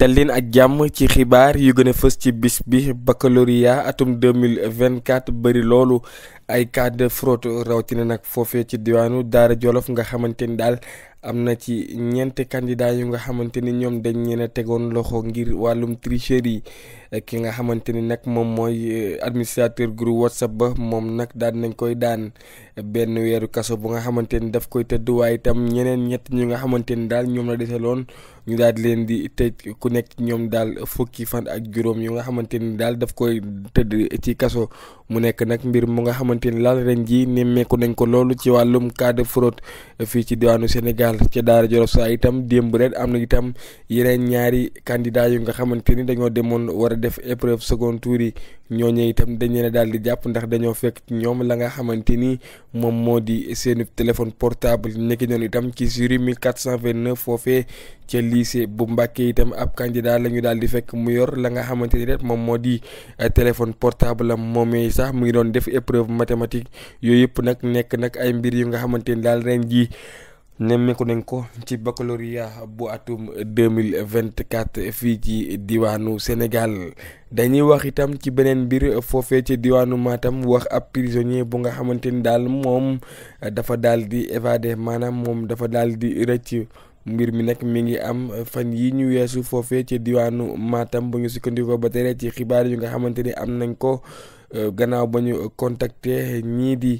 dal ak jàmm ci xibaar yu gën a fës ci bis bi baccalauréat atum 2024 bëri loolu ay cas de fraude rawatina nag foofee ci diwaanu Daara Jolof nga xamante ni daal am na ci ñeenti candidat yu nga xamante ni ñoom dañ ñeen a tegoon loxo ngir wàllum yi ki nga xamante ni nag moom mooy euh, administrateur groupe whatsapp ba moom nag daan nañ koy daan benn weeru kaso bu nga xamante ni daf koy tëdd waaye itam ñeneen ñett ñu nga xamante ni daal ñoom la deseloon ñu daal di leen di tëj ku nekk ñoom daal fukki fan ak juróom yu nga xamante ni daal daf koy tëdd ci kaso mu nekk nag mbir mu nga xamante ni laal ren ji nemmeeku nañ ko loolu ci wàllum cas de fraude fii ci diwaanu Sénégal ca Daara Jolof saa itam démb rek am na itam yeneen ñaari candidat yu nga xamante ni dañoo demoon war a def épreuve second tour yi itam dañ leen a daal di jàpp ndax dañoo fekk ñoom la nga xamante ni moom moo di seeni téléphone portable nekki noonu itam ci cent jury 1429 foofee ca lycée bu Mbàkke itam ab candidat la ñu daal di fekk mu yor la nga xamante ni rek moom moo di téléphone portable am moomee sax mu ngi doon def épreuve mathématique yooyu yëpp nag nekk nag ay mbir yu nga xamante ni daal ren jii nemmeeku nañ ko ci baccalauréat bu atum 2024 fii ci diwaanu Sénégal dañuy wax itam ci beneen mbir foofee ci diwaanu Matam wax ab prisonnier bu nga xamante ni daal moom dafa dal di évadé maanaam moom dafa daal di rëcc mbir mi nag mi ngi am fan yi ñu weesu foofee ci diwaanu maatam bu ñu sukkandikoo ba tere ci xibaar yu nga xamante ni am nañ ko gannaaw bañu ñu contacter ñii di.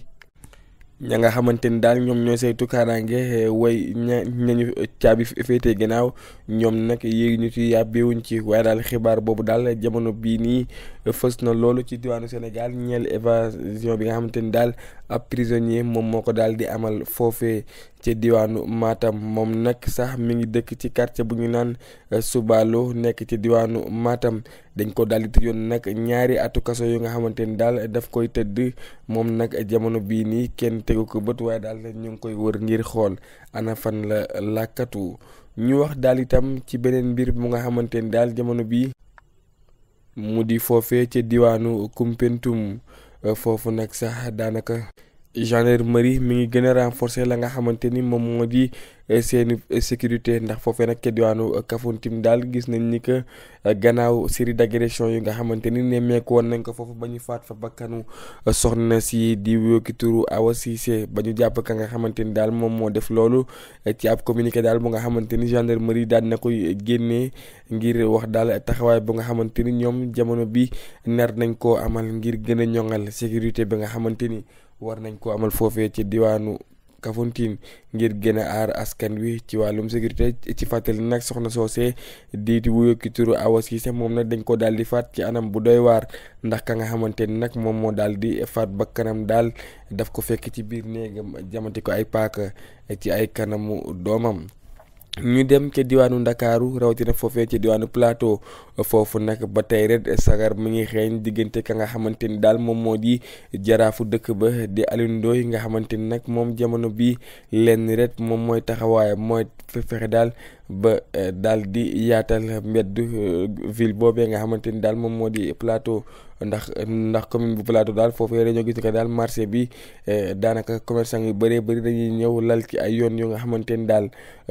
ña nga xamante ni daal ñoom ñooy saytu kaaraange eh, way ña ñañu caabi féete ginnaaw ñoom nag yi ñu ci yàbbeewuñ ci waaye daal xibaar boobu daal jamono bii nii fës na loolu ci diwaanu Sénégal ñeel évasion bi nga xamante ni daal ab prisonnier moom moo ko daal di amal foofee ci diwaanu Matam moom nag sax mi ngi dëkk ci quartier bu ñu naan eh, Subaalo nekk ci diwaanu maatam dañ ko daal di tëjoon nag ñaari atu kaso yu nga xamante ni daal daf koy tëdd moom nag jamono bii nii kenn. tegu ko bët waaye daal ñu ngi koy wër ngir xool ana fan la làkkatu ñu wax daal itam ci beneen mbir mu nga xamante ni daal jamono bii mu di foofee ca diwaanu Kumpentum foofu nag sax daanaka. gendarmerie mi ngi gën a renforcer la nga xamante ni moom moo di eh, seeni sécurité ndax foofee nag keddiwaanu eh, Kafountine daal gis nañ ni que eh, gannaaw série d'agression yi nga xamante ni nemmeeku woon nañ ko foofu ba ñu faat fa bakkanu soxna si di wékki turu Awa ba ñu jàpp ka nga xamante ni daal moom moo def loolu ci ab communiqué daal bu nga xamante ni gendarmerie daal na koy génnee ngir wax daal taxawaay bu nga xamante ni ñoom jamono bi nar nañ koo amal ngir gën a ñoŋal sécurité bi nga xamante ni war nañ ko amal foofee ci diwaanu Kafountine ngir gën a aar askan wi ci wàllum sécurité ci fàttali nag soxna soosee diiti wuyo ki turu Awa Cissé moom nag dañ ko daal di faat ci anam bu doy waar ndax ka nga xamante ni nag moom moo daal di faat ba kanam daal daf ko fekk ci biir néegam jamante ko ay paaka ci ay kanamu doomam ñu dem ca diwaanu ndakaaru rawatina foofee ca diwaanu plateau foofu nag ba tey rek sagar mu ngi xeeñ diggante ka nga xamante ni daal moom moo di jaraafu dëkk ba di Alioune Ndoye nga xamante ni nag moom jamono bi lenn rek moom mooy taxawaayam mooy fexe daal ba eh, daal di yaatal mbedd eh, ville boobee nga xamante ni daal moom moo di plateau ndax ndax commune bu plateau daal foofee dañoo gis ne daal marché bi eh, daanaka commerçant yu bëree bëri dañuy ñëw lal ci ay yoon yu nga xamante ni daal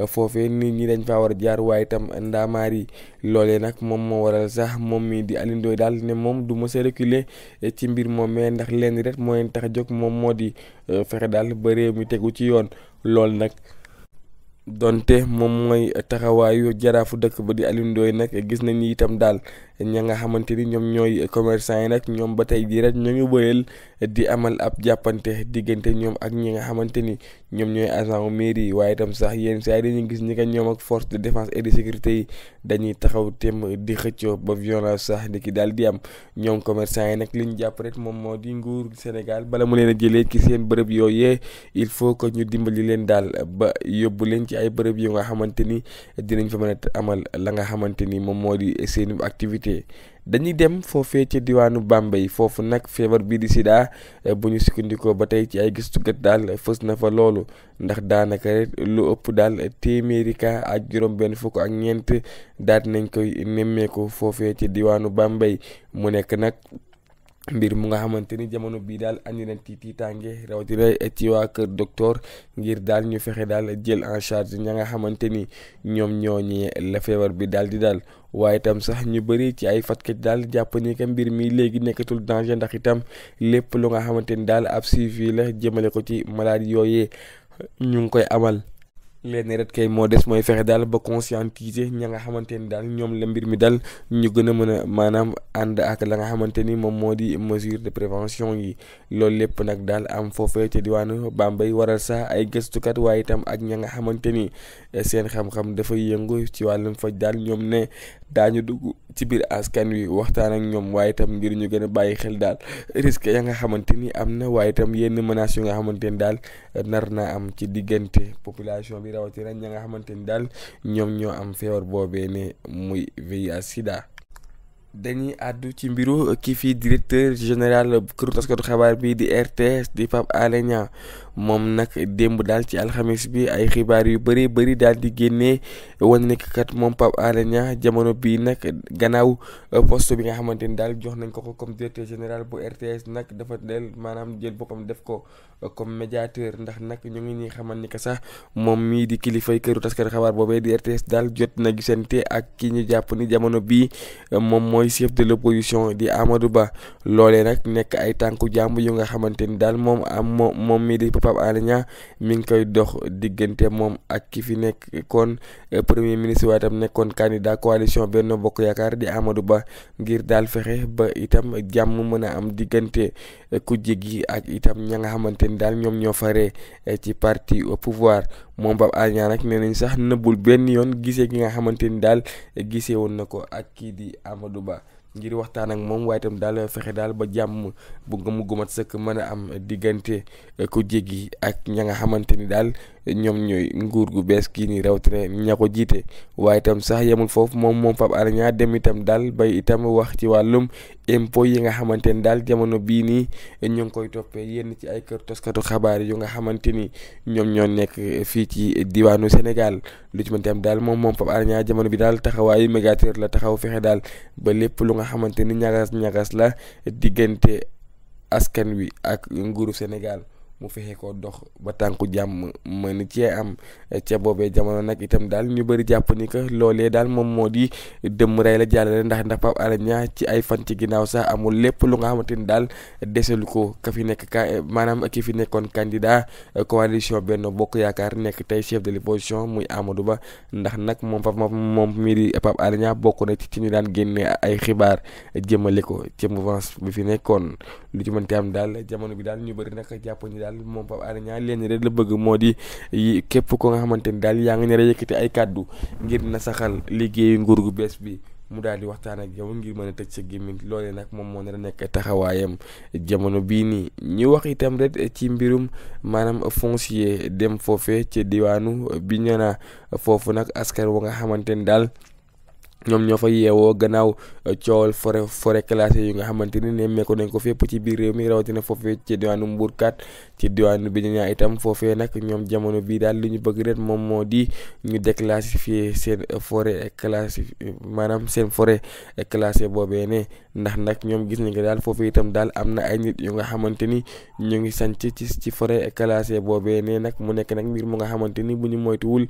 foofee nit ñi dañ faa war a jaar waaye itam ndaamaar yi loolee nag moom moo waral sax moom mi di Alioune Ndoye daal ne moom du mos a reculer ci mbir moom mais ndax lenn rek moo tax a jóg moom moo di fexe daal ba réew mi tegu ci yoon loolu nag. donte moom mooy taxawaayu jaraafu dëkk ba di Alioune Ndoye nag gis nañ ni itam daal ña nga xamante ni ñoom ñooy commerçant yi nag ñoom ba tey jii rek ñu ngi wëyal di amal ab jàppante diggante ñoom ak ñi nga xamante ni ñoom ñooy agent mairie yi waaye itam sax yenn saa yi dañuy gis ñi ko ñoom ak force de défense et de sécurité yi dañuy taxaw tem di xëccoo ba violence sax di ki daal di am ñoom commerçant yi nag li ñu jàpp rek moom moo di nguur Sénégal bala mu leen a jëlee ci seen bërëb yooyee il faut que ñu dimbali leen daal ba yóbbu leen ci ay bërëb yoo nga xamante ni dinañ fa mën a amal la nga xamante ni moom moo di seen activité activité dañuy dem foofee ca diwaanu Bambey foofu nag feebar bii di sida eh, bu ñu sukkandikoo ba tey ci ay gëstukat daal fës na fa loolu ndax daanaka rek lu ëpp daal téeméeri cas ak juróom-benn fukk ak ñeent daal nañ koy nemmeeku foofee ca diwaanu Bambey mu nekk nag. mbir mu nga xamante ni jamono bii daal andi na ti tiitaange rawatina ci kër docteur ngir daal ñu fexe daal jël en charge ña nga xamante ni ñoom ñooñi la feebar bi daal di daal waaye itam sax ñu bëri ci ay fatkat daal jàpp ni mbir mi léegi nekkatul danger ndax itam lépp lu nga xamante ni daal ab suivi la jëmale ko ci malade yooyee ñu ngi koy amal. leen rek kay moo des mooy fexe daal ba conscientiser ña nga xamante ni daal ñoom la mbir mi dal ñu gën a mën a maanaam ànd ak la nga xamante ni moom moo di mesure de prévention yi loolu lépp nag daal am foofee ca diwaanu Bambey waral sax ay gëstukat itam ak ña nga xamante ni eh, seen xam-xam yëngu ci wàllum faj daal ñoom ne daañu dugg ci biir askan wi waxtaan ak ñoom waaye itam ngir ñu gën a bàyyi xel daal risque ya nga xamante ni am na waaye itam yenn menaces yu nga xamante ni daal nar naa am ci diggante population bi. ci rawatina ña nga xamante ni daal ñoom ñoo am feebar boobee ne muy VIH sida. dañuy àddu ci mbiru ki fii directeur général këru taskatu xabaar bii di RTS di Pape Alé moom nag démb daal ci alxamis bi ay xibaar yu bëri bëri daal di génne wane nekk kat moom Pape Alé Niang jamono bii nag gannaaw poste bi nga xamante ni daal jox nañ ko ko comme directeur général bu RTS nag dafa del maanaam jël boppam def ko comme médiateur ndax nag ñu ñuy xamal ni que sax moom mii di kilifay këru taskati xabaar boobee di RTS daal jot na gisante ak ki ñu jàpp ni jamono bii moom mooy chef de l'opposition di Amadou Ba loolee nag nekk ay tànku jàmb yu nga xamante ni daal moom am moom mii di Pape Alé mi ngi koy dox diggante moom ak ki fi nekk kon eh, premier ministre waaye itam nekkoon candidat coalition benn Bokk Yaakaar di Amadou Ba ngir daal fexe ba itam jàmm mën a am diggante eh, kujje gi ak itam ña nga xamante ni daal ñoom ñoo faree eh, ci parti au pouvoir moom Pape Alé Niang nag nee nañ sax nëbbul benn yoon gisee gi nga xamante ni daal gisee woon na ko ak kii di Amadou Ba ngir waxtaan ak moom waaye itam daal fexe daal ba jàmm bu nga mu gumat sëkk mën a am diggante ku jéggi ak ña nga xamante ni daal ñoom ñooy nguur gu bees kii nii rawatina ña ko jiite waaye itam sax yemul foofu moom moom Pape Alé Niang dem itam daal bay itam wax ci wàllum impôt yi nga xamante ni daal jamono bii nii ñu ngi koy toppee yenn ci ay kër toskatu xabaar yu nga xamante ni ñoom ñoo nekk fii ci diwaanu Sénégal lu ci mën tam daal moom moom Pape Alé jamono bi daal taxawaayu médiateur la taxaw fexe daal ba lépp lu nga xamante ni ñagas ñagas la diggante askan wi ak nguuru Sénégal mu fexe ko dox ba tànku jàmm mën cee am ca boobee jamono nag itam daal ñu bëri jàpp ni que loolee daal moom moo di dëmm rey la jàllale ndax ndax Pape Alé Niang ci ay fan ci ginnaaw sax amul lépp lu nga xamante ni daal deselu ko ka fi nekk ka maanaam ki fi nekkoon candidat coalition Benno Bokk Yaakaar nekk tey chef de l'opposition muy Amadou Ba ndax nag moom Pape moom mii di Pape Alé bokk na ci ci ñu daan génne ay xibaar jëmale ko ci mouvance bi fi nekkoon lu ci am daal jamono bi daal ñu bëri nag jàpp daal moom Pape Alé Niang leen rek la bëgg moo di képp ko nga xamante ni daal yaa ngi ne rek yëkkati ay kàddu ngir na saxal liggéeyu nguur gu bees bi mu daal di waxtaan ak yow ngir mën a tëj sa gémmiñ loolee nag moom moo nar a nekk taxawaayam jamono bii nii ñu wax itam rek ci mbirum maanaam foncier dem foofe ci diwaanu bi Bignona foofu nag askan wa nga xamante ni daal. ñoom ñoo fa yeewoo gannaaw uh, coowal forêt forêt classée yu nga xamante ne nemmeeku nañ ko fépp ci biir réew mi rawatina foofee ci diwaanu Mbourkat ci diwaanu Bignona itam foofee nag ñoom jamono bii daal li ñu bëgg ret moom moo di ñu déclassifier seen uh, forêt classée maanaam seen forêt uh, classée boobee ne ndax nag ñoom gis nañ ko daal foofu itam daal am na ay nit yu nga xamante ni ñu ngi sanc ci ci forêt classée boobee ne nag mu nekk nag mbir mu nga xamante ni bu ñu moytuwul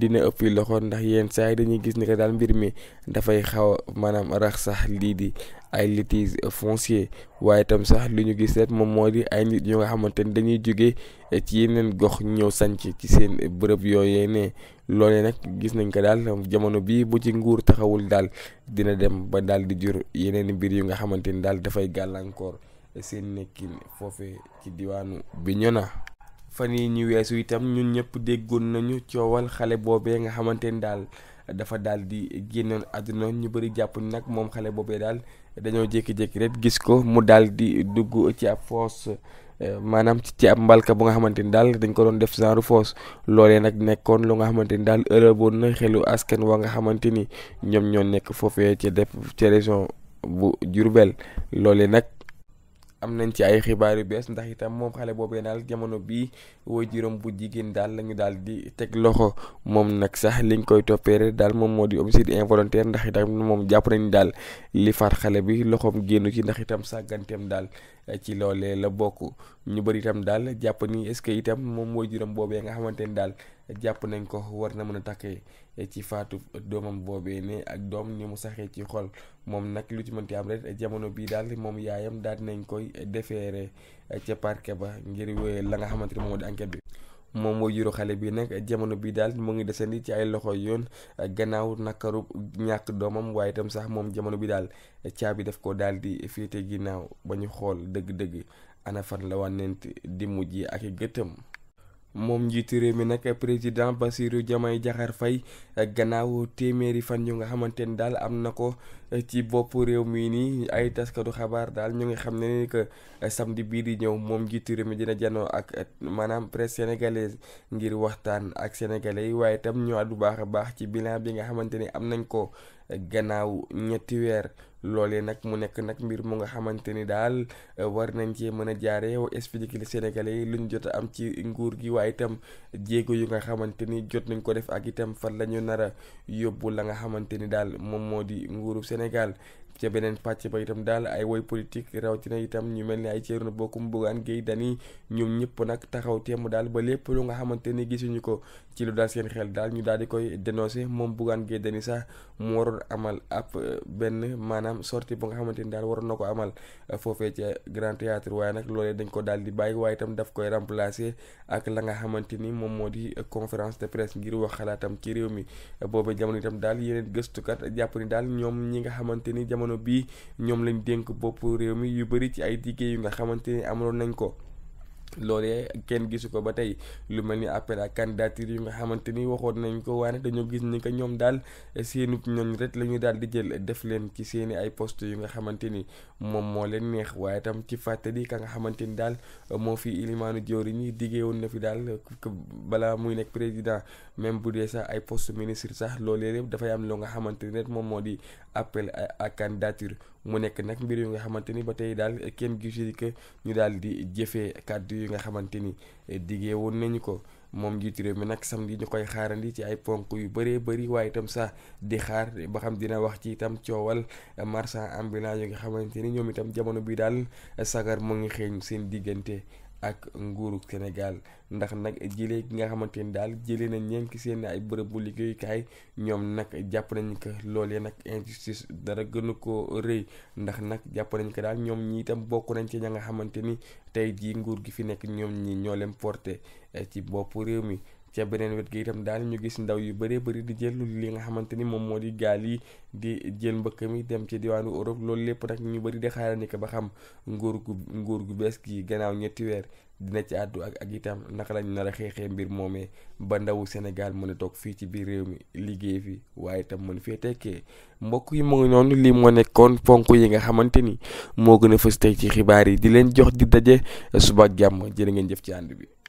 dina ëpp loxo ndax yenn saa yi dañuy gis ni daal mbir mi dafay xaw a maanaam rax sax lii di ay litige foncier waaye itam sax li ñu gis rek moom moo di ay nit ñu nga xamante ni dañuy jóge eh, ci yeneen gox ñëw sanc ci seen bërëb yooyee ne loolee nag gis nañ ko daal jamono bii bu ci nguur taxawul daal dina dem ba daal di jur yeneen mbir yu nga xamante ni daal dafay gàllankoor seen nekkin foofe ci diwaanu na fan yi ñu weesu itam ñun ñëpp déggoon nañu coowal xale boobee nga xamante ni daal dafa daal di génnoon àdduna ñu bëri jàpp nag moom xale boobee daal dañoo jékki-jékki rek gis ko mu daal di dugg ci ab fosse euh, maanaam ci ab mbalka bu nga xamante ni daal dañ ko doon def genre fosse loolee nag nekkoon lu nga xamante ni daal ërëboon na xelu askan wa nga xamante ni ñoom ñoo nekk foofee ca def ca région bu Diourbel loolee nag. am nañ ci ay xibaar yu bees ndax itam moom xale boobee daal jamono bii waajuram bu jigéen daal la ñu daal di teg loxo moom nag sax liñ koy toppeere daal moom moo di homicide involontaire ndax itam moom jàpp nañu daal li faat xale bi loxoom génnu ci ndax itam sàgganteem daal ci loolee la bokk ñu bëri itam daal jàpp ni est-ce que itam moom mooy juróom boobee nga xamante ni daal jàpp nañ ko war na mën a takkee ci faatu doomam boobee ne ak doom ni mu saxee ci xol moom nag lu ci mënti am rek jamono bii daal moom yaayam daal nañ koy defeere ca parquet ba ngir wéyal la nga xamante ni moom di enquête bi. moom mooy juru xale bi nag jamono bi daal mu ngi desandi ci ay loxo yoon gannaaw nakaru ñàkk doomam waaye itam sax moom jamono bi daal caabi daf ko daal di féete ginnaaw ba ñu xool dëgg-dëgg ana fan la wànnent di mujj ak gëtëm. moom njiitu réew mi nag président Bassirou Diomaye Diakhar Faye gannaaw téeméeri fan yu nga xamante ni daal am na ko ci bopp réew mi nii ay taskatu xabaar daal ñu ngi xam ne ni que samedi bii di ñëw moom njiitu réew mi dina janoo ak maanaam presse sénégalaise ngir waxtaan ak sénégalais yi waaye itam ñëwaat bu baax a baax ci bilan bi nga xamante ni am nañ ko gannaaw ñetti weer. loolee nag mu nekk nag mbir mu nga xamante ni daal eh, war nañ cee mën a jaare wa expliquer les Sénégalais yi luñ jot a am ci nguur gi waaye itam jéego yu nga xamante ni jot nañ ko def ak itam fan la ñu nar a yóbbu la nga xamante ni daal moom moo di nguuru Sénégal ca beneen pàcc ba itam daal ay woy politique rawatina itam ñu mel ni ay Thierno Bocoum Bougane Gueye Dany ñoom ñëpp nag taxaw temm daal ba lépp lu nga xamante ni gisuñu ko ci lu daal seen xel daal ñu daal di koy dénoncé moom Bougane Gueye Dany sax mu waroon amal ab euh, benn maanaam sorti bu nga xamante ni daal waroon na ko amal euh, foofee ca Grand Théâtre waaye nag loolee dañ ko daal di bàyyi waaye itam daf koy remplacé ak la nga xamante ni moom moo di conférence de ngir wax xalaatam ci réew mi boobu jamono itam daal yeneen jamono bi ñoom lañ dénk bopp réew mi yu bëri ci ay diggé yu nga xamante ni amaloon nañ ko loolee kenn gisu ko ba tey lu mel ni appel à candidature yu nga xamante ni waxoon nañ ko waaye dañoo gis ni que ñoom daal seenu ñoom rek la ñu daal di jël def leen ci seeni ay poste yu nga xamante ni moom moo leen neex waaye itam ci fàttali ka nga xamante ni daal moo fi ilimaanu jawriñ ñi diggee woon na fi daal balaa muy nekk président même bu dee sax ay post ministre sax loolee lépp dafay am loo nga xamante ni rek moom moo di appel à candidature mu nekk nag mbir yu nga xamante ni ba tey daal kenn gisul que ñu daal di jëfee kàddu yi nga xamante ni eh, diggee woon nañu ko moom njiitu réew mi nag samedi ñu koy xaarandi ci ay ponk yu bëree bëri waaye itam sax di xaar ba xam dina wax ci itam coowal marchand ambulant yi nga xamante ni ñoom itam jamono bi daal sagar mu ngi xeeñ seen diggante ak nguuru Sénégal ndax nag jëlee ki nga xamante ni daal jëlee nañ ñeen ki seen ay bërëb bu liggéeyukaay ñoom nag jàpp nañ ko loolee nag injustice dara gënu ko rëy ndax nag jàpp nañ ko daal ñoom ñi itam bokk nañ ci ña nga xamante ni tey jii nguur gi fi nekk ñoom ñi ñoo leen porté eh, ci bopp réew mi ca beneen wet gi itam daal ñu gis ndaw yu bëree bëri di jël li nga xamante ni moom moo di gaal yi di jël mbëkk mi dem ci diwaanu Europe loolu lépp nag ñu bëri di xaaral ni ko ba xam nguur gu nguur gu bees gi gannaaw ñetti weer dina ci àddu ak ak itam naka lañ na a xeexee mbir moomee ba ndawu Sénégal mën a toog fii ci biir réew mi liggéey fi waaye itam mën fee tekkee mbokk yi moo ngi noonu lii moo nekkoon ponk yi nga xamante ni moo gën a fës tey ci xibaar yi di leen jox di daje suba ak jàmm jërë ngeen jëf ci ànd bi.